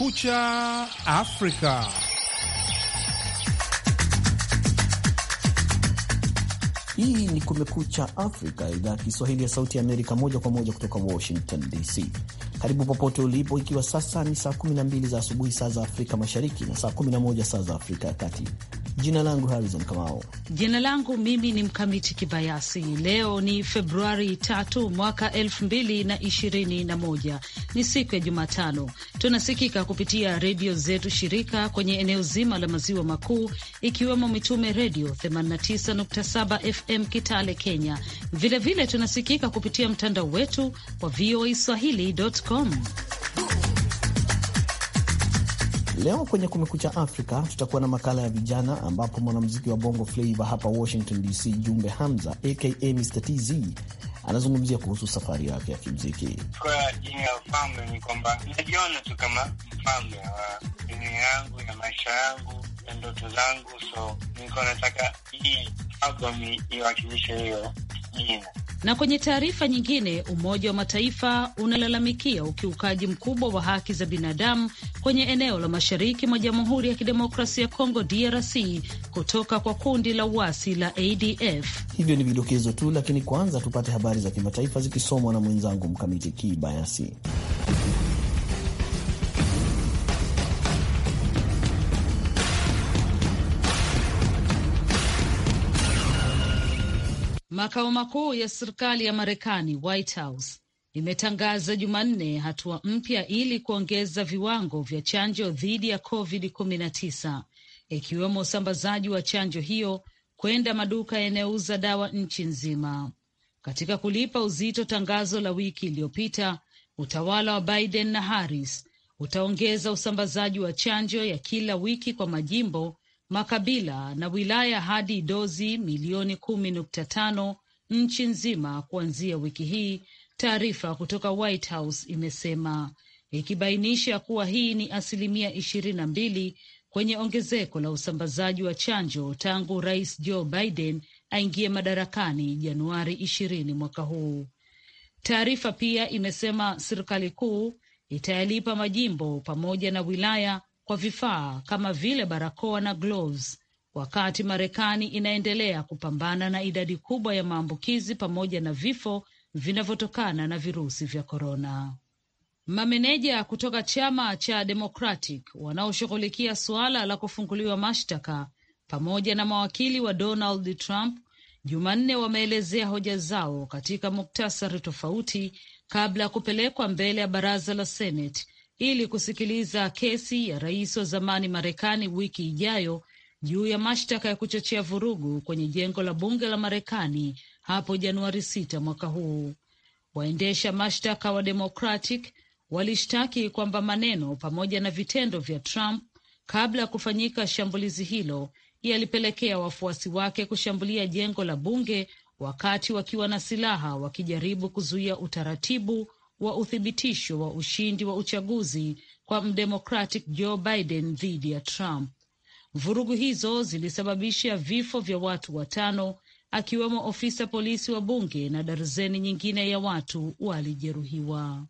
Kumekucha Afrika. Hii ni Kumekucha Afrika, idhaa ya Kiswahili ya Sauti ya Amerika, moja kwa moja kutoka Washington DC. Karibu popote ulipo, ikiwa sasa ni saa 12 za asubuhi saa za Afrika Mashariki na saa 11 saa za Afrika ya Kati. Jina langu Harrison Kamao. Jina langu mimi ni Mkamiti Kibayasi. Leo ni Februari tatu mwaka elfu mbili na ishirini na moja, ni siku ya Jumatano. Tunasikika kupitia redio zetu shirika kwenye eneo zima la maziwa makuu ikiwemo Mitume Redio 89.7 FM Kitale, Kenya. Vilevile vile tunasikika kupitia mtandao wetu wa VOA swahili.com. Leo kwenye Kumekucha Afrika tutakuwa na makala ya vijana, ambapo mwanamuziki wa bongo flava hapa Washington DC, Jumbe Hamza aka Mr TZ anazungumzia kuhusu safari yake ya kimziki Kwa jina ya ufalme ni kwamba najiona tu kama mfalme wa dunia yangu na maisha yangu na ndoto zangu, so niko nataka hii album iwakilishe hiyo jina na kwenye taarifa nyingine, Umoja wa Mataifa unalalamikia ukiukaji mkubwa wa haki za binadamu kwenye eneo la mashariki mwa Jamhuri ya Kidemokrasia ya Kongo DRC kutoka kwa kundi la uasi la ADF. Hivyo ni vidokezo tu, lakini kwanza tupate habari za kimataifa zikisomwa na mwenzangu Mkamiti Kibayasi. Makao makuu ya serikali ya Marekani, White House, imetangaza Jumanne hatua mpya ili kuongeza viwango vya chanjo dhidi ya COVID-19, ikiwemo usambazaji wa chanjo hiyo kwenda maduka yanayouza dawa nchi nzima. Katika kulipa uzito tangazo la wiki iliyopita, utawala wa Biden na Harris utaongeza usambazaji wa chanjo ya kila wiki kwa majimbo makabila na wilaya hadi dozi milioni kumi nukta tano nchi nzima kuanzia wiki hii, taarifa kutoka White House imesema ikibainisha kuwa hii ni asilimia ishirini na mbili kwenye ongezeko la usambazaji wa chanjo tangu Rais Joe Biden aingie madarakani Januari ishirini mwaka huu. Taarifa pia imesema serikali kuu itayalipa majimbo pamoja na wilaya kwa vifaa kama vile barakoa na gloves, wakati Marekani inaendelea kupambana na idadi kubwa ya maambukizi pamoja na vifo vinavyotokana na virusi vya korona. Mameneja kutoka chama cha Democratic wanaoshughulikia suala la kufunguliwa mashtaka pamoja na mawakili wa Donald Trump Jumanne wameelezea hoja zao katika muktasari tofauti kabla ya kupelekwa mbele ya baraza la Senate ili kusikiliza kesi ya rais wa zamani Marekani wiki ijayo juu ya mashtaka ya kuchochea vurugu kwenye jengo la bunge la Marekani hapo Januari 6 mwaka huu. Waendesha mashtaka wa Democratic walishtaki kwamba maneno pamoja na vitendo vya Trump kabla ya kufanyika shambulizi hilo yalipelekea wafuasi wake kushambulia jengo la bunge wakati wakiwa na silaha wakijaribu kuzuia utaratibu wa uthibitisho wa ushindi wa uchaguzi kwa mdemokratic Joe Biden dhidi ya Trump. Vurugu hizo zilisababisha vifo vya watu watano akiwemo ofisa polisi wa bunge na darzeni nyingine ya watu walijeruhiwa.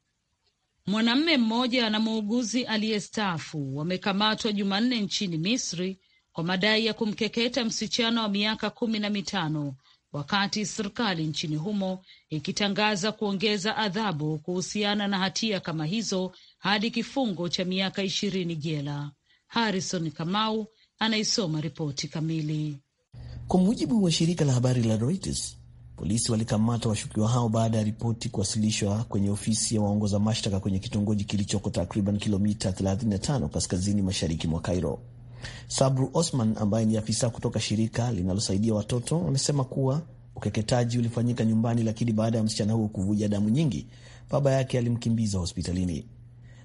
Mwanamume mmoja na muuguzi aliyestaafu wamekamatwa Jumanne nchini Misri kwa madai ya kumkeketa msichana wa miaka kumi na mitano wakati serikali nchini humo ikitangaza kuongeza adhabu kuhusiana na hatia kama hizo hadi kifungo cha miaka ishirini jela. Harrison Kamau anaisoma ripoti kamili. Kwa mujibu wa shirika la habari la Reuters, polisi walikamata washukiwa hao baada ya ripoti kuwasilishwa kwenye ofisi ya waongoza mashtaka kwenye kitongoji kilichoko takriban kilomita 35 kaskazini mashariki mwa Cairo. Sabru Osman ambaye ni afisa kutoka shirika linalosaidia watoto amesema kuwa ukeketaji ulifanyika nyumbani, lakini baada ya msichana huo kuvuja damu nyingi, baba yake alimkimbiza hospitalini.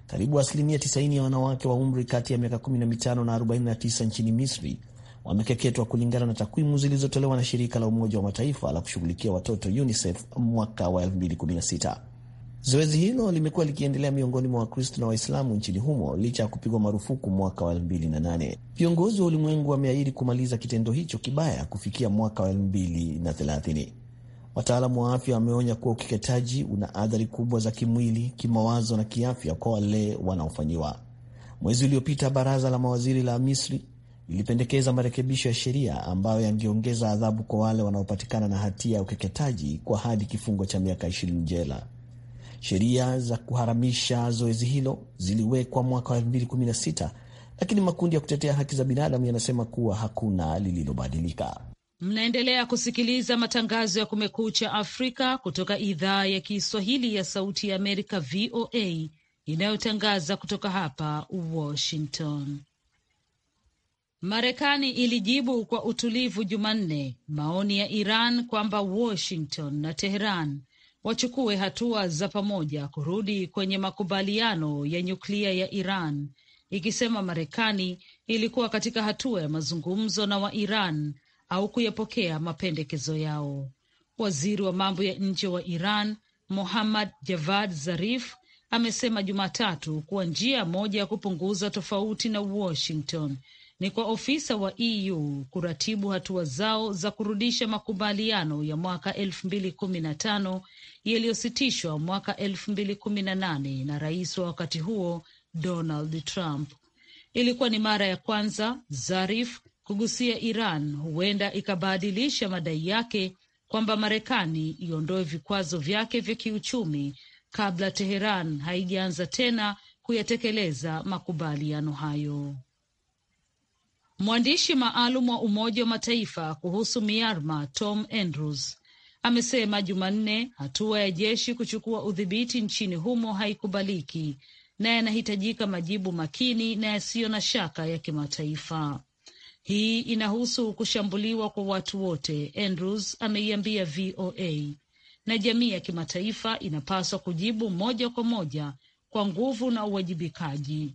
Karibu asilimia 90 ya wanawake wa umri kati ya miaka 15 na 49 nchini Misri wamekeketwa kulingana na takwimu zilizotolewa na shirika la Umoja wa Mataifa la kushughulikia watoto UNICEF mwaka wa 2016. Zoezi hilo limekuwa likiendelea miongoni mwa Wakristo na Waislamu nchini humo licha ya kupigwa marufuku mwaka wa 2008. Viongozi wa ulimwengu wameahidi kumaliza kitendo hicho kibaya kufikia mwaka wa 2030. Wataalamu wa afya wameonya kuwa ukeketaji una athari kubwa za kimwili, kimawazo na kiafya kwa wale wanaofanyiwa. Mwezi uliopita, baraza la mawaziri la Misri lilipendekeza marekebisho ya sheria ambayo yangeongeza adhabu kwa wale wanaopatikana na hatia ya ukeketaji kwa hadi kifungo cha miaka 20 jela. Sheria za kuharamisha zoezi hilo ziliwekwa mwaka wa 2016 lakini makundi ya kutetea haki za binadamu yanasema kuwa hakuna lililobadilika. Mnaendelea kusikiliza matangazo ya Kumekucha Afrika kutoka idhaa ya Kiswahili ya Sauti ya Amerika, VOA, inayotangaza kutoka hapa Washington. Marekani ilijibu kwa utulivu Jumanne maoni ya Iran kwamba Washington na Teheran wachukue hatua za pamoja kurudi kwenye makubaliano ya nyuklia ya Iran, ikisema Marekani ilikuwa katika hatua ya mazungumzo na wa Iran au kuyapokea mapendekezo yao. Waziri wa mambo ya nje wa Iran Mohammad Javad Zarif amesema Jumatatu kuwa njia moja ya kupunguza tofauti na Washington ni kwa ofisa wa EU kuratibu hatua zao za kurudisha makubaliano ya mwaka 2015 yaliyositishwa mwaka 2018 na rais wa wakati huo Donald Trump. Ilikuwa ni mara ya kwanza Zarif kugusia Iran huenda ikabadilisha madai yake kwamba Marekani iondoe vikwazo vyake vya kiuchumi kabla Teheran haijaanza tena kuyatekeleza makubaliano hayo. Mwandishi maalum wa Umoja wa Mataifa kuhusu Myanmar Tom Andrews amesema Jumanne hatua ya jeshi kuchukua udhibiti nchini humo haikubaliki na yanahitajika majibu makini na yasiyo na shaka ya kimataifa. Hii inahusu kushambuliwa kwa watu wote, Andrews ameiambia VOA, na jamii ya kimataifa inapaswa kujibu moja kwa moja kwa nguvu na uwajibikaji.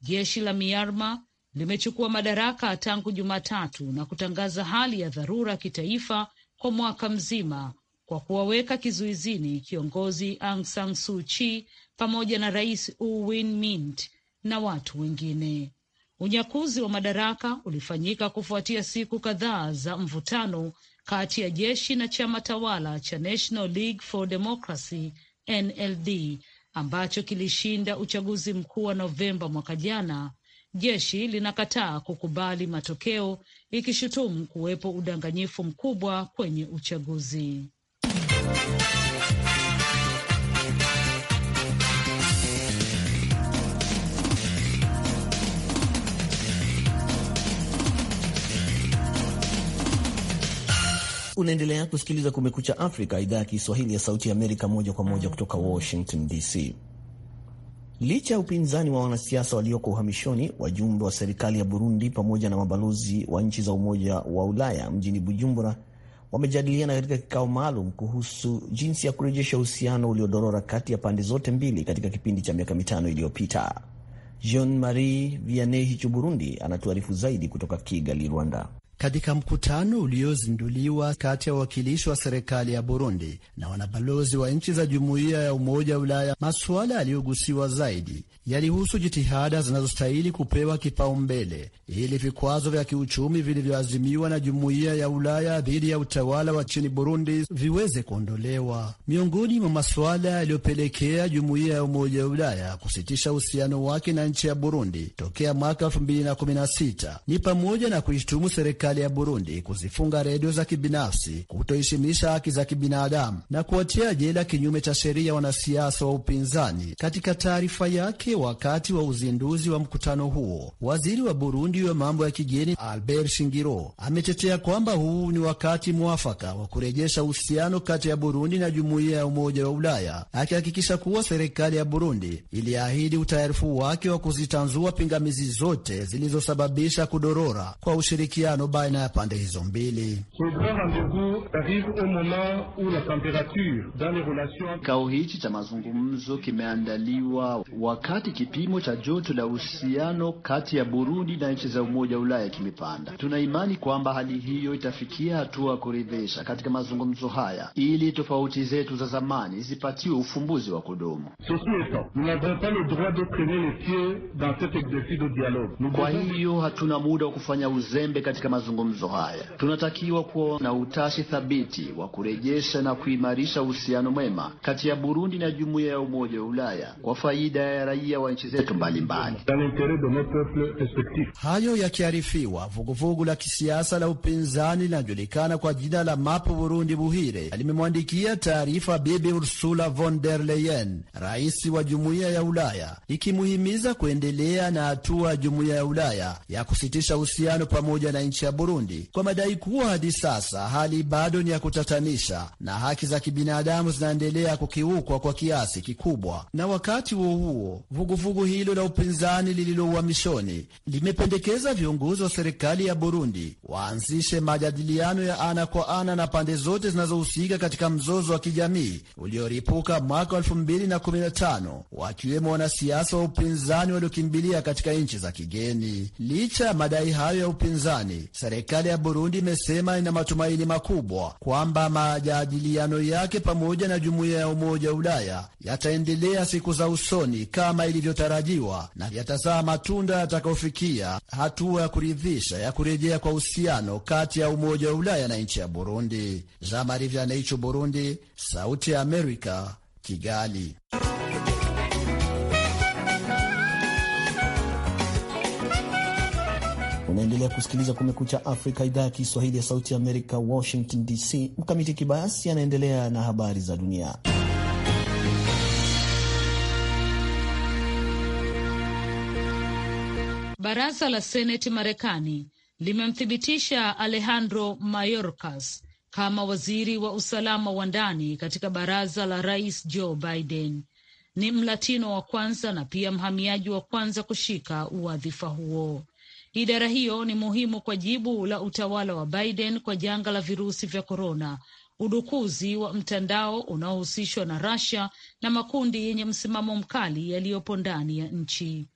Jeshi la Myanmar limechukua madaraka tangu Jumatatu na kutangaza hali ya dharura kitaifa kwa mwaka mzima kwa kuwaweka kizuizini kiongozi Aung San Suu Kyi pamoja na rais U Win Mint na watu wengine. Unyakuzi wa madaraka ulifanyika kufuatia siku kadhaa za mvutano kati ya jeshi na chama tawala cha National League for Democracy NLD ambacho kilishinda uchaguzi mkuu wa Novemba mwaka jana jeshi linakataa kukubali matokeo ikishutumu kuwepo udanganyifu mkubwa kwenye uchaguzi. Unaendelea kusikiliza Kumekucha Afrika, idhaa ya Kiswahili ya Sauti ya Amerika, moja kwa moja kutoka Washington DC. Licha ya upinzani wa wanasiasa walioko uhamishoni, wajumbe wa serikali ya Burundi pamoja na mabalozi wa nchi za Umoja wa Ulaya mjini Bujumbura wamejadiliana katika kikao maalum kuhusu jinsi ya kurejesha uhusiano uliodorora kati ya pande zote mbili katika kipindi cha miaka mitano iliyopita. Jean Marie Vianney Hichu, Burundi, anatuarifu zaidi kutoka Kigali, Rwanda katika mkutano uliozinduliwa kati ya wawakilishi wa serikali ya Burundi na wanabalozi wa nchi za jumuiya ya Umoja wa Ulaya, masuala yaliyogusiwa zaidi yalihusu jitihada zinazostahili kupewa kipaumbele ili vikwazo vya kiuchumi vilivyoazimiwa na jumuiya ya Ulaya dhidi ya utawala wa nchini Burundi viweze kuondolewa. Miongoni mwa masuala yaliyopelekea jumuiya ya Umoja wa Ulaya kusitisha uhusiano wake na nchi ya Burundi tokea mwaka 2016 ni pamoja na kuishtumu serikali serikali ya Burundi kuzifunga redio za kibinafsi, kutoheshimisha haki za kibinadamu na kuwatia jela kinyume cha sheria wanasiasa wa upinzani. Katika taarifa yake wakati wa uzinduzi wa mkutano huo, waziri wa Burundi wa mambo ya kigeni Albert Shingiro ametetea kwamba huu ni wakati mwafaka wa kurejesha uhusiano kati ya Burundi na jumuiya ya Umoja wa Ulaya, akihakikisha kuwa serikali ya Burundi iliahidi utayarifu wake wa kuzitanzua pingamizi zote zilizosababisha kudorora kwa ushirikiano baina ya pande hizo mbili. Kikao hichi cha mazungumzo kimeandaliwa wakati kipimo cha joto la uhusiano kati ya Burundi na nchi za Umoja wa Ulaya kimepanda. Tuna imani kwamba hali hiyo itafikia hatua ya kuridhisha katika mazungumzo haya, ili tofauti zetu za zamani zipatiwe ufumbuzi wa kudumu. Kwa hiyo hatuna muda wa kufanya uzembe katika mazungumzo mazungumzo haya. Tunatakiwa kuwa na utashi thabiti wa kurejesha na kuimarisha uhusiano mwema kati ya Burundi na jumuiya ya Umoja wa Ulaya kwa faida ya raia wa nchi zetu mbalimbali. Hayo yakiarifiwa, vuguvugu la kisiasa la upinzani linajulikana kwa jina la MAP Burundi Buhire limemwandikia taarifa Bibi Ursula von der Leyen, rais wa jumuiya ya Ulaya, ikimuhimiza kuendelea na hatua ya jumuiya ya Ulaya ya kusitisha uhusiano pamoja na nchi ya Burundi kwa madai kuwa hadi sasa hali bado ni ya kutatanisha na haki za kibinadamu zinaendelea kukiukwa kwa kiasi kikubwa. Na wakati huo huo, vuguvugu hilo la upinzani lililoua mishoni limependekeza viongozi wa serikali ya Burundi waanzishe majadiliano ya ana kwa ana na pande zote zinazohusika katika mzozo wa kijamii ulioripuka mwaka 2015 wakiwemo wanasiasa wa upinzani waliokimbilia katika nchi za kigeni. Licha ya madai hayo ya upinzani, serikali ya Burundi imesema ina matumaini makubwa kwamba majadiliano yake pamoja na jumuiya ya Umoja wa Ulaya yataendelea siku za usoni kama ilivyotarajiwa na yatazaa matunda yatakayofikia hatua ya kuridhisha ya kurejea kwa uhusiano kati ya Umoja wa Ulaya na nchi ya Burundi. Jean Marie Vianney, Burundi, Sauti ya Amerika, Kigali. Unaendelea kusikiliza Kumekucha Afrika, idhaa ya Kiswahili ya Sauti ya Amerika, Washington DC. Mkamiti Kibayasi anaendelea na habari za dunia. Baraza la Seneti Marekani limemthibitisha Alejandro Mayorkas kama waziri wa usalama wa ndani katika baraza la rais Joe Biden. Ni mlatino wa kwanza na pia mhamiaji wa kwanza kushika wadhifa huo. Idara hiyo ni muhimu kwa jibu la utawala wa Biden kwa janga la virusi vya korona, udukuzi wa mtandao unaohusishwa na Russia na makundi yenye msimamo mkali yaliyopo ndani ya nchi.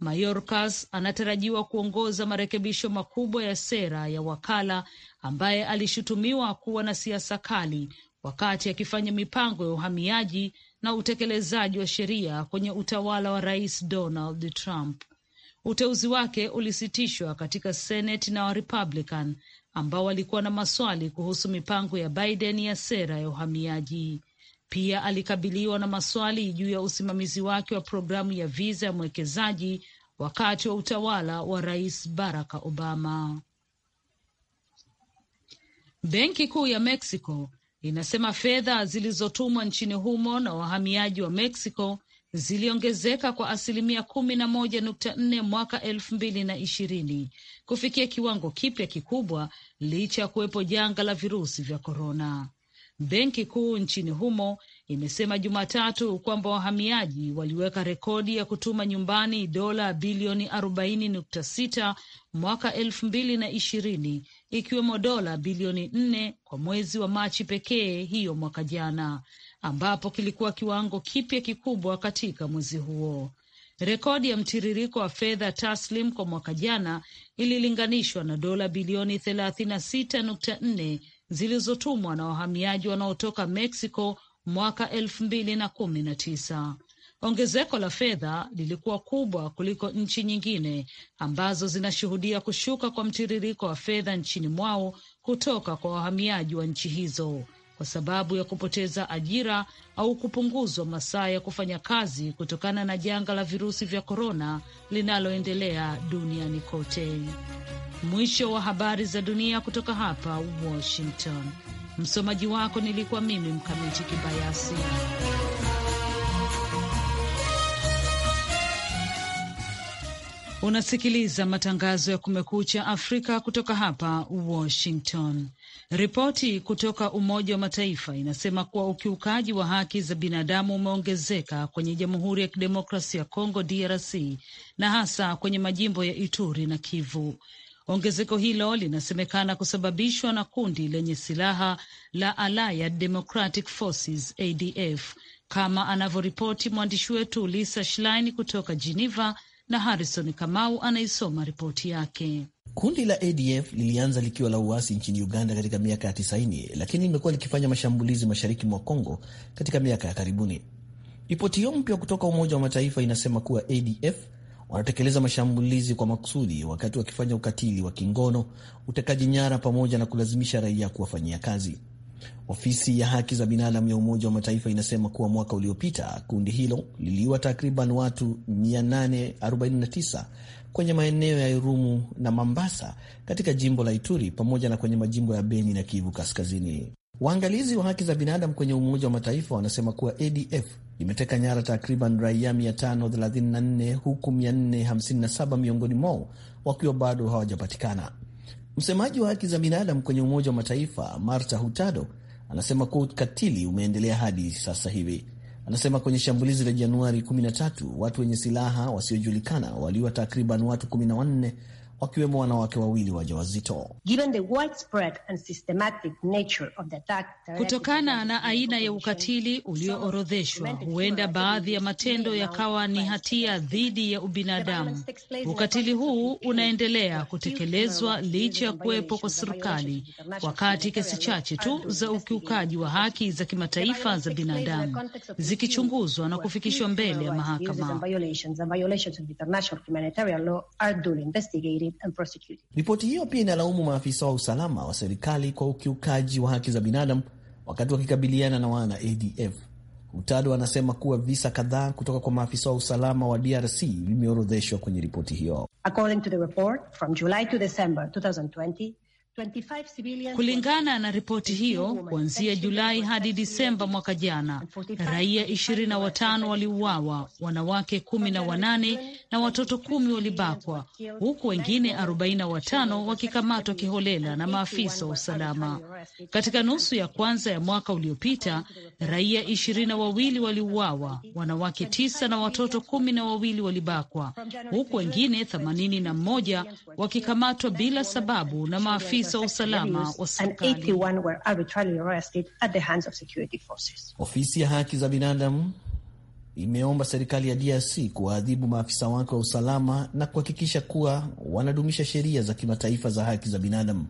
Mayorkas anatarajiwa kuongoza marekebisho makubwa ya sera ya wakala ambaye alishutumiwa kuwa na siasa kali wakati akifanya mipango ya uhamiaji na utekelezaji wa sheria kwenye utawala wa Rais Donald Trump. Uteuzi wake ulisitishwa katika Seneti na Warepublican ambao walikuwa na maswali kuhusu mipango ya Biden ya sera ya uhamiaji. Pia alikabiliwa na maswali juu ya usimamizi wake wa programu ya viza ya mwekezaji wakati wa utawala wa Rais Barack Obama. Benki Kuu ya Mexico inasema fedha zilizotumwa nchini humo na wahamiaji wa Mexico ziliongezeka kwa asilimia kumi na moja nukta nne mwaka elfu mbili na ishirini kufikia kiwango kipya kikubwa licha ya kuwepo janga la virusi vya korona. Benki kuu nchini humo imesema Jumatatu kwamba wahamiaji waliweka rekodi ya kutuma nyumbani dola bilioni 40.6 mwaka ishirini ikiwemo dola bilioni 4 kwa mwezi wa Machi pekee hiyo mwaka jana, ambapo kilikuwa kiwango kipya kikubwa katika mwezi huo. Rekodi ya mtiririko wa fedha taslim kwa mwaka jana ililinganishwa na dola bilioni 36.4 zilizotumwa na wahamiaji wanaotoka Mexico mwaka elfu na kumi Ongezeko la fedha lilikuwa kubwa kuliko nchi nyingine ambazo zinashuhudia kushuka kwa mtiririko wa fedha nchini mwao kutoka kwa wahamiaji wa nchi hizo kwa sababu ya kupoteza ajira au kupunguzwa masaa ya kufanya kazi kutokana na janga la virusi vya korona linaloendelea duniani kote. Mwisho wa habari za dunia kutoka hapa Washington. Msomaji wako nilikuwa mimi Mkamiti Kibayasi. Unasikiliza matangazo ya Kumekucha Afrika kutoka hapa Washington. Ripoti kutoka Umoja wa Mataifa inasema kuwa ukiukaji wa haki za binadamu umeongezeka kwenye Jamhuri ya kidemokrasi ya Kongo DRC na hasa kwenye majimbo ya Ituri na Kivu. Ongezeko hilo linasemekana kusababishwa na kundi lenye silaha la Allied Democratic Forces ADF, kama anavyoripoti mwandishi wetu Lisa Schlein kutoka Geneva na Harrison Kamau anaisoma ripoti yake. Kundi la ADF lilianza likiwa la uasi nchini Uganda katika miaka ya 90 lakini limekuwa likifanya mashambulizi mashariki mwa Kongo katika miaka ya karibuni. Ripoti hiyo mpya kutoka Umoja wa Mataifa inasema kuwa ADF wanatekeleza mashambulizi kwa makusudi wakati wakifanya ukatili wa kingono, utekaji nyara, pamoja na kulazimisha raia kuwafanyia kazi. Ofisi ya haki za binadamu ya Umoja wa Mataifa inasema kuwa mwaka uliopita kundi hilo liliua takriban watu 849 kwenye maeneo ya Irumu na Mambasa katika jimbo la Ituri pamoja na kwenye majimbo ya Beni na Kivu Kaskazini. Waangalizi wa haki za binadamu kwenye Umoja wa Mataifa wanasema kuwa ADF limeteka nyara takriban raia 534 huku 457 miongoni mwao wakiwa bado hawajapatikana. Msemaji wa haki za binadamu kwenye Umoja wa Mataifa Marta hutado anasema kuwa ukatili umeendelea hadi sasa hivi. Anasema kwenye shambulizi la Januari 13 watu wenye silaha wasiojulikana waliua takriban watu 14 wakiwemo wanawake wawili wajawazito. Kutokana na aina ya ukatili ulioorodheshwa, huenda baadhi ya matendo yakawa ni hatia dhidi ya ubinadamu. Ukatili huu unaendelea kutekelezwa licha ya kuwepo kwa serikali, wakati kesi chache tu za ukiukaji wa haki za kimataifa za binadamu zikichunguzwa na kufikishwa mbele ya mahakama and prosecuted. Ripoti hiyo pia inalaumu maafisa wa usalama wa serikali kwa ukiukaji wa haki za binadamu wakati wakikabiliana na wana ADF. Hutado anasema kuwa visa kadhaa kutoka kwa maafisa wa usalama wa DRC vimeorodheshwa kwenye ripoti hiyo. According to the report, from July to December 2020, Kulingana na ripoti hiyo, kuanzia Julai hadi Disemba mwaka jana, raia ishirini na watano waliuawa, wanawake kumi na wanane na watoto kumi walibakwa, huku wengine arobaini na watano wakikamatwa kiholela na maafisa wa usalama. Katika nusu ya kwanza ya mwaka uliopita, raia ishirini na wawili waliuawa, wanawake tisa na watoto kumi na wawili walibakwa, huku wengine themanini na mmoja wakikamatwa bila sababu na maafisa maafisa wa usalama wa serikali. Ofisi ya haki za binadamu imeomba serikali ya DRC kuwaadhibu maafisa wake wa usalama na kuhakikisha kuwa wanadumisha sheria za kimataifa za haki za binadamu.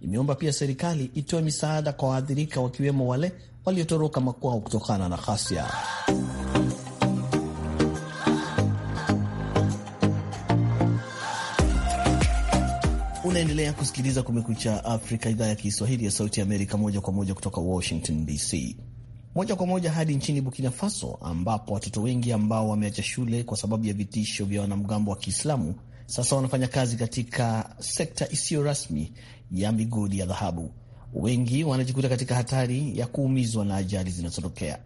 Imeomba pia serikali itoe misaada kwa waathirika, wakiwemo wale waliotoroka makwao kutokana na ghasia. Unaendelea kusikiliza Kumekucha Afrika, idhaa ya Kiswahili ya Sauti Amerika, moja kwa moja kutoka Washington DC. Moja kwa moja hadi nchini Burkina Faso, ambapo watoto wengi ambao wameacha shule kwa sababu ya vitisho vya wanamgambo wa Kiislamu sasa wanafanya kazi katika sekta isiyo rasmi ya migodi ya dhahabu. Wengi wanajikuta katika hatari ya kuumizwa na ajali zinazotokea.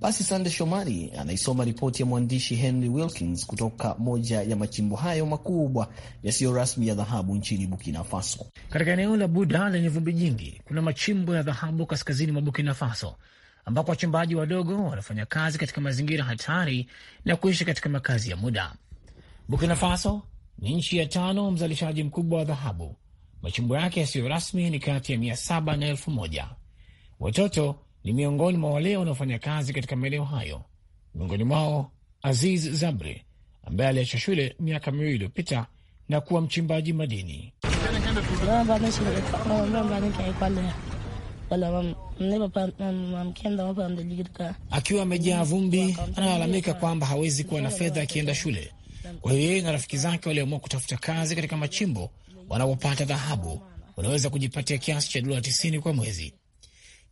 Basi Sande Shomari anaisoma ripoti ya mwandishi Henry Wilkins kutoka moja ya machimbo hayo makubwa yasiyo rasmi ya dhahabu nchini Burkina Faso. Katika eneo la Buda lenye vumbi nyingi, kuna machimbo ya dhahabu kaskazini mwa Burkina Faso ambako wachimbaji wadogo wanafanya kazi katika mazingira hatari na kuishi katika makazi ya muda. Burkina Faso ni nchi ya tano mzalishaji mkubwa wa dhahabu. Machimbo yake yasiyo rasmi ni kati ya mia saba na elfu moja. Watoto ni miongoni mwa wale wanaofanya kazi katika maeneo hayo. Miongoni mwao Aziz Zabri ambaye aliacha shule miaka miwili iliyopita na kuwa mchimbaji madini. Akiwa amejaa vumbi, analalamika kwamba hawezi kuwa na fedha akienda shule. Kwa hiyo yeye na rafiki zake waliamua kutafuta kazi katika machimbo wanapopata dhahabu wanaweza kujipatia kiasi cha dola 90 kwa mwezi.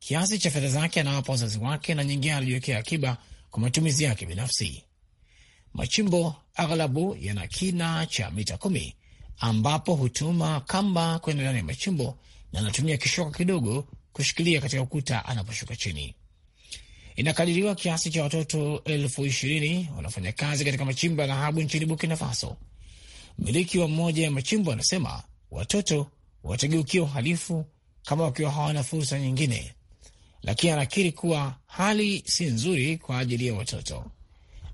Kiasi cha fedha zake anawapa wazazi wake na nyingine aliyowekea akiba kwa matumizi yake binafsi. Machimbo aghalabu yana kina cha mita kumi ambapo hutuma kamba kwenda ndani ya machimbo na anatumia kishoka kidogo kushikilia katika ukuta anaposhuka chini. Inakadiriwa kiasi cha watoto elfu ishirini wanafanya kazi katika machimbo ya dhahabu nchini Burkina Faso. Mmiliki wa mmoja ya machimbo anasema watoto watageukia uhalifu kama wakiwa hawana fursa nyingine lakini anakiri kuwa hali si nzuri kwa ajili ya watoto.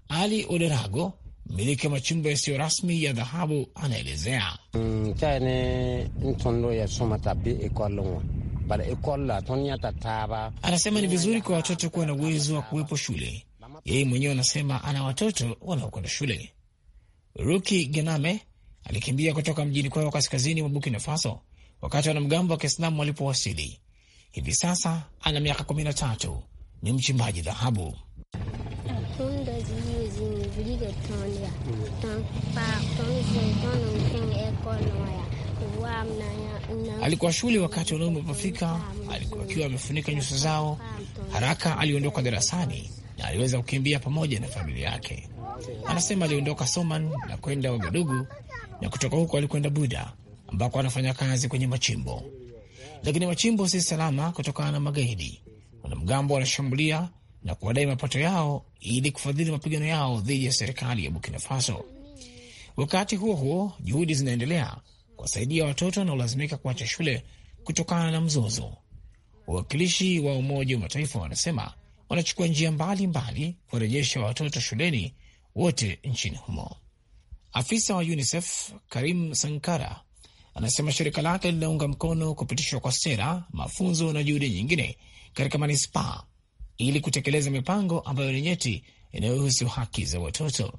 Ali Oderago, mmiliki wa machumba yasiyo rasmi ya dhahabu, anaelezea anasema ni vizuri kwa watoto kuwa na uwezo wa kuwepo shule. Yeye mwenyewe anasema ana watoto wanaokwenda shule. Ruki Gename alikimbia kutoka mjini kwao kaskazini mwa bukina Faso wakati wanamgambo wa Kiislamu walipowasili Hivi sasa ana miaka kumi na tatu, ni mchimbaji dhahabu. Alikuwa shule wakati wanaume walipofika, alikuwa akiwa amefunika nyuso zao. Haraka aliondoka darasani na aliweza kukimbia pamoja na familia yake. Anasema aliondoka Soman na kwenda Wagadugu, na kutoka huko alikwenda Buda ambako anafanya kazi kwenye machimbo lakini wachimbo si salama kutokana na magaidi. Wanamgambo wanashambulia na kuwadai mapato yao ili kufadhili mapigano yao dhidi ya serikali ya Burkina Faso. Wakati huo huo, juhudi zinaendelea kuwasaidia watoto wanaolazimika kuacha shule kutokana na mzozo. Wawakilishi wa Umoja wa Mataifa wanasema wanachukua njia mbalimbali kuwarejesha watoto shuleni wote nchini humo. Afisa wa UNICEF Karim Sankara Anasema shirika lake linaunga mkono kupitishwa kwa sera, mafunzo na juhudi nyingine katika manispaa ili kutekeleza mipango ambayo ni nyeti inayohusu haki za watoto.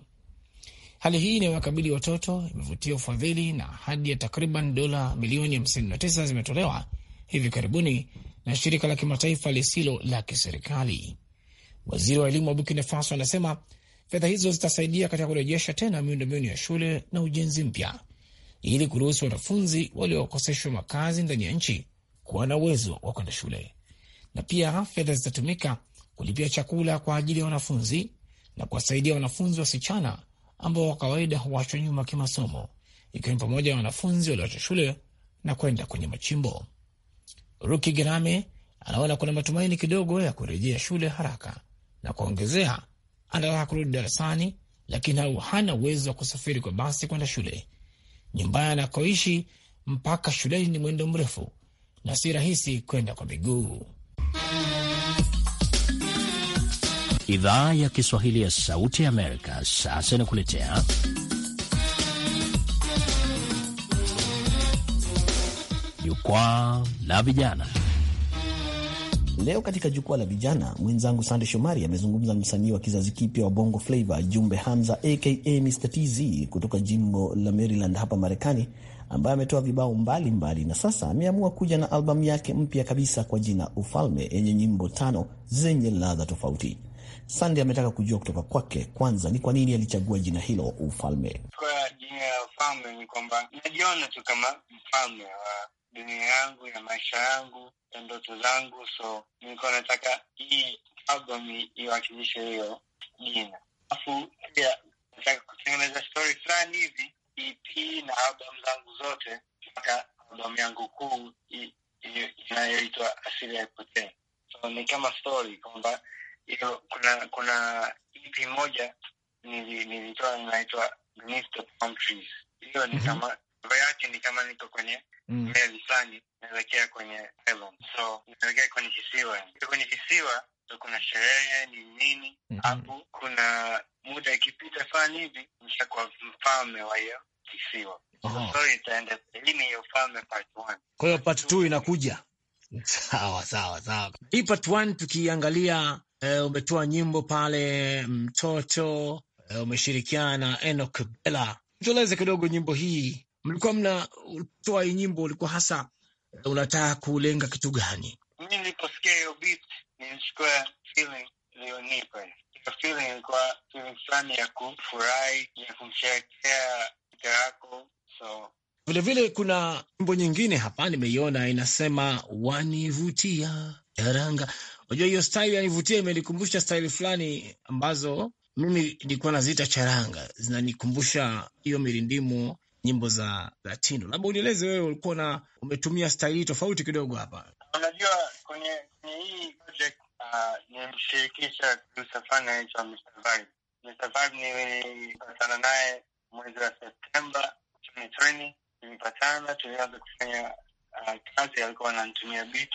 Hali hii inayowakabili watoto imevutia ufadhili na hadi ya takriban dola milioni 59 zimetolewa hivi karibuni na shirika la kimataifa lisilo la kiserikali. Waziri wa elimu wa Burkina Faso anasema fedha hizo zitasaidia katika kurejesha tena miundombinu ya shule na ujenzi mpya ili kuruhusu wanafunzi waliokoseshwa makazi ndani ya nchi kuwa na uwezo wa kwenda shule, na pia fedha zitatumika kulipia chakula kwa ajili ya wanafunzi na kuwasaidia wanafunzi wasichana ambao kwa kawaida huachwa nyuma kimasomo, ikiwa ni pamoja na wanafunzi walioacha shule na kwenda kwenye machimbo. Ruki Gerame anaona kuna matumaini kidogo ya kurejea shule haraka, na kuongezea, anataka kurudi darasani, lakini hana uwezo wa kusafiri kwa basi kwenda shule Nyumbani anakoishi mpaka shuleni ni mwendo mrefu na si rahisi kwenda kwa miguu. Idhaa ya Kiswahili ya Sauti ya Amerika sasa inakuletea jukwaa la vijana. Leo katika jukwaa la vijana, mwenzangu Sande Shomari amezungumza na msanii wa kizazi kipya wa Bongo Flava Jumbe Hamza aka Mr TZ kutoka jimbo la Maryland hapa Marekani, ambaye ametoa vibao mbalimbali na sasa ameamua kuja na albamu yake mpya kabisa kwa jina Ufalme yenye nyimbo tano zenye ladha tofauti. Sande ametaka kujua kutoka kwake kwanza ni kwa nini alichagua jina hilo Ufalme. Kwa jina ya Ufalme ni kwamba najiona tu kama mfalme wa dunia yangu na maisha yangu na ndoto zangu, so nilikuwa nataka hii album iwakilishe hiyo jina, alafu pia nataka kutengeneza stori fulani hivi EP na albamu zangu zote mpaka albamu yangu kuu inayoitwa Asili Haipotea. So ni kama stori kwamba hiyo, kuna kuna EP moja nilitoa inaitwa Beneath the Palm Trees. Hiyo ni mhm. kama roho yake ni kama niko kwenye mm. mea fulani naelekea kwenye heaven, so naelekea kwenye kisiwa. Kwenye kisiwa so kuna sherehe ni nini mm-hmm. hapo mm -hmm. Kuna muda ikipita fani hivi mshakuwa mfalme wa hiyo kisiwa itaenda hii ni part hiyo part two inakuja. Sawa sawa sawa, hii part one tukiangalia, eh, umetoa nyimbo pale mtoto, eh, umeshirikiana na Enoch Bella. Tueleze kidogo nyimbo hii mlikuwa mnatoa hii nyimbo, ulikuwa hasa eh, unataka kulenga kitu gani? Mi niliposikia hiyo beat nilichukua feeling iliyonipa feeling, ilikuwa feeling fulani ya kufurahi, ya kumsherekea mke wako so vilevile vile kuna nyimbo nyingine hapa nimeiona inasema wanivutia daranga. Unajua hiyo staili yanivutia imenikumbusha staili fulani ambazo mimi nilikuwa naziita charanga, zinanikumbusha hiyo mirindimo nyimbo za Latino. Labda unieleze wewe, ulikuwa na umetumia staili tofauti kidogo hapa. Unajua, kwenye hii project ah, nimshirikisha Msafana naitwa Mr Vibe. Mr Vibe nilipatana naye mwezi wa Septemba ishirini, tulipatana tulianza kufanya ah, kazi. Alikuwa ananitumia beat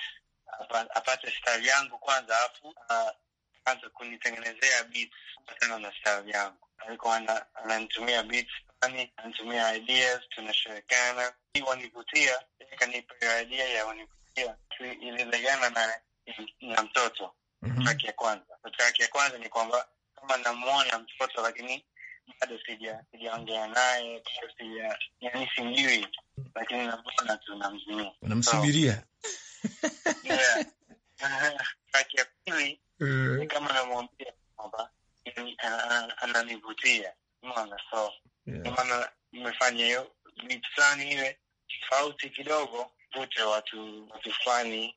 apate style yangu kwanza, alafu ah, anza kunitengenezea beat kupatana na style yangu. Alikuwa ananitumia beats fulani anatumia ideas, tunashirikiana. Hii wanivutia ikanipa hiyo idea ya wanivutia, ililingana na na mtoto mm-hmm. ya kwanza, traki ya kwanza ni kwamba kama namwona mtoto lakini bado sija sijaongea naye bado sija yani simjui, lakini namwona tu namzimia, namsubiria traki ya pili ni eh. kama namwambia kwamba yaani, ananivutia, unaona so ndio maana mmefanya hiyo mitani ile tofauti kidogo, vute watu watu fulani,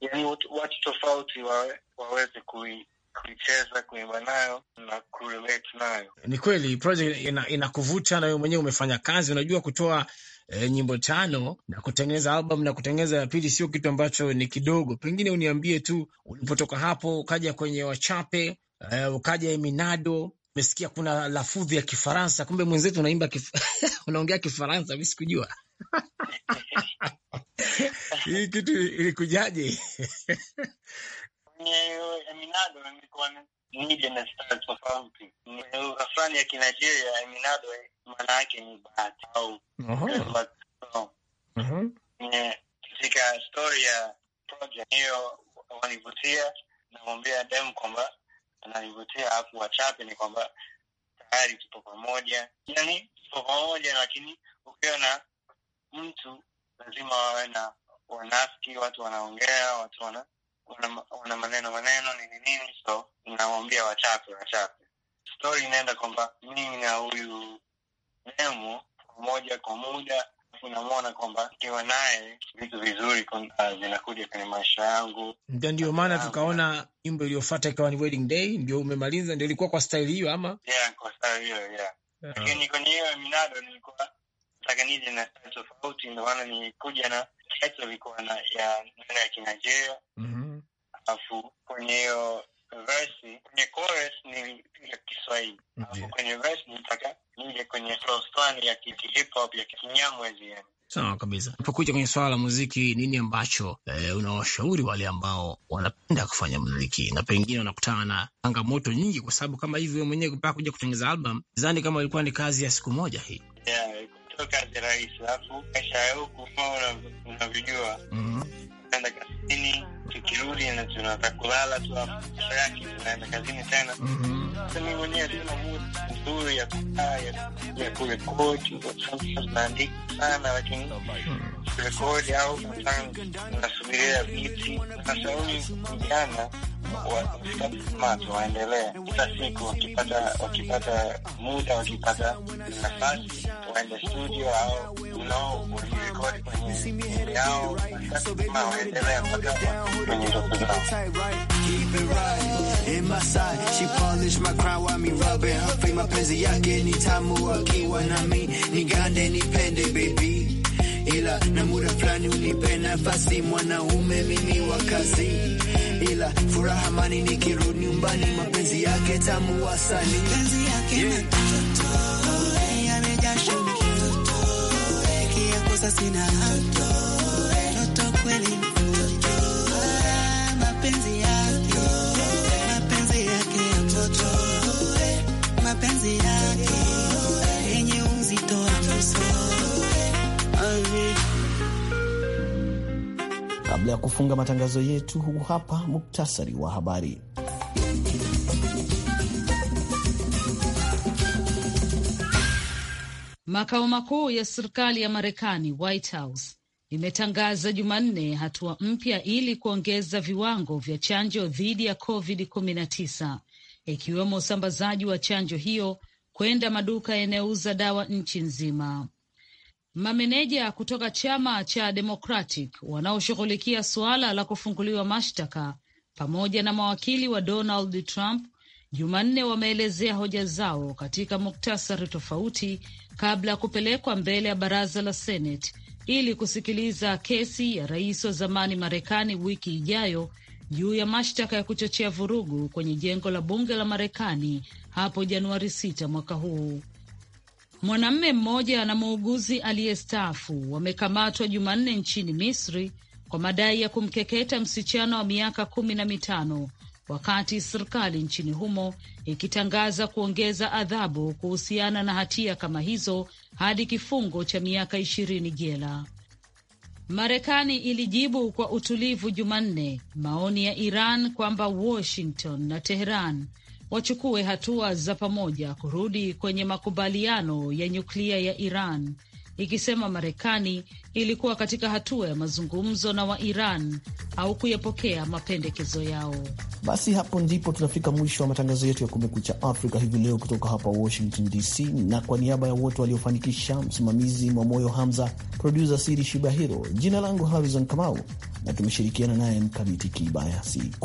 yani watu tofauti wawe, waweze kui kuicheza kuimba nayo na kurelate nayo. Ni kweli project inakuvuta ina na wewe mwenyewe umefanya kazi, unajua kutoa e, nyimbo tano na kutengeneza album na kutengeneza ya pili sio kitu ambacho ni kidogo. Pengine uniambie tu ulipotoka hapo ukaja kwenye wachape e, ukaja Eminado Mesikia kuna lafudhi ya Kifaransa, kumbe mwenzetu unaimba kif... unaongea Kifaransa, mi sikujua hii kitu ilikujaje? Afrani ya Kinigeria, eminado maana yake ni bahati au katika stori ya project hiyo, wanivutia namwambia dem kwamba ananivutia, afu wachape ni kwamba tayari tupo pamoja, yani tupo pamoja, lakini ukiwa na mtu lazima wawe na wanafiki, watu wanaongea, watu wana wana, wana maneno maneno nini nini, so namwambia wachape, wachape. Stori inaenda kwamba mimi na huyu Nemo pamoja kwa muda unamwona kwamba kiwa naye vitu vizuri ah, vinakuja kwenye maisha yangu, ndio ndio maana tukaona nyimbo iliyofata ikawa ni Wedding Day. Ndio umemaliza, ndio ilikuwa kwa staili hiyo ama? Yeah, kwa staili hiyo yeah. Lakini kwenye hiyo minado nilikuwa nataka nije na staili tofauti, ndio maana nilikuja na ilikuwa na ya neno ya Kinigeria, mm-hmm. alafu kwenye hiyo verse kwenye chorus ni ya Kiswahili kwenye nitaka nije kwenye flow fulani ya hip hop ya Kinyamwezi yani. Sawa kabisa. Unapokuja kwenye swala la muziki, nini ambacho e, unawashauri wale ambao wanapenda kufanya muziki na pengine wanakutana na changamoto nyingi, kwa sababu kama hivyo mwenyewe mpaka kuja kutengeza album zani, kama ilikuwa ni kazi ya siku moja hii yeah, sio kazi rahisi, alafu maisha ya huku unavyojua, mhm. unaenda tukirudi na tunataka kulala tu, kesho yake tunaenda kazini tena. Mhm. Mimi mwenyewe sina muda mzuri ya kukaa ya kurekodi, tunaandika sana, lakini kurekodi au nasubiria viti. Sasa vijana mato waendelee kila siku, wakipata wakipata muda, wakipata nafasi waende studio au unao ulirekodi kwenye yao, waendelee mpaka kwenye ndoto zao. Mapenzi yake ni tamu akiwa nami, nigande nipende baby, ila na muda fulani unipe nafasi mwanaume mimi wa kazi, ila furaha mani nyumbani, mapenzi yake tamu eh, eh, eh, kweli mapenzi yake yenye uzito wa nusu. Kabla ya kufunga matangazo yetu, huu hapa muktasari wa habari. Makao makuu ya serikali ya Marekani, White House, imetangaza Jumanne hatua mpya ili kuongeza viwango vya chanjo dhidi ya COVID-19 ikiwemo usambazaji wa chanjo hiyo kwenda maduka yanayouza dawa nchi nzima. Mameneja kutoka chama cha Democratic wanaoshughulikia suala la kufunguliwa mashtaka pamoja na mawakili wa Donald Trump Jumanne wameelezea hoja zao katika muktasari tofauti kabla ya kupelekwa mbele ya baraza la Senate ili kusikiliza kesi ya rais wa zamani Marekani wiki ijayo juu ya mashtaka ya kuchochea vurugu kwenye jengo la bunge la Marekani hapo Januari 6 mwaka huu. Mwanamme mmoja na muuguzi aliyestaafu wamekamatwa Jumanne nchini Misri kwa madai ya kumkeketa msichana wa miaka kumi na mitano wakati serikali nchini humo ikitangaza kuongeza adhabu kuhusiana na hatia kama hizo hadi kifungo cha miaka ishirini jela. Marekani ilijibu kwa utulivu Jumanne maoni ya Iran kwamba Washington na Teheran wachukue hatua za pamoja kurudi kwenye makubaliano ya nyuklia ya Iran ikisema Marekani ilikuwa katika hatua ya mazungumzo na wairan au kuyapokea mapendekezo yao. Basi hapo ndipo tunafika mwisho wa matangazo yetu ya Kumekucha Afrika hivi leo kutoka hapa Washington DC, na kwa niaba ya wote waliofanikisha, msimamizi mwa moyo Hamza, produsa Siri Shibahiro, jina langu Harrison Kamau na tumeshirikiana naye Mkamiti Kibayasi.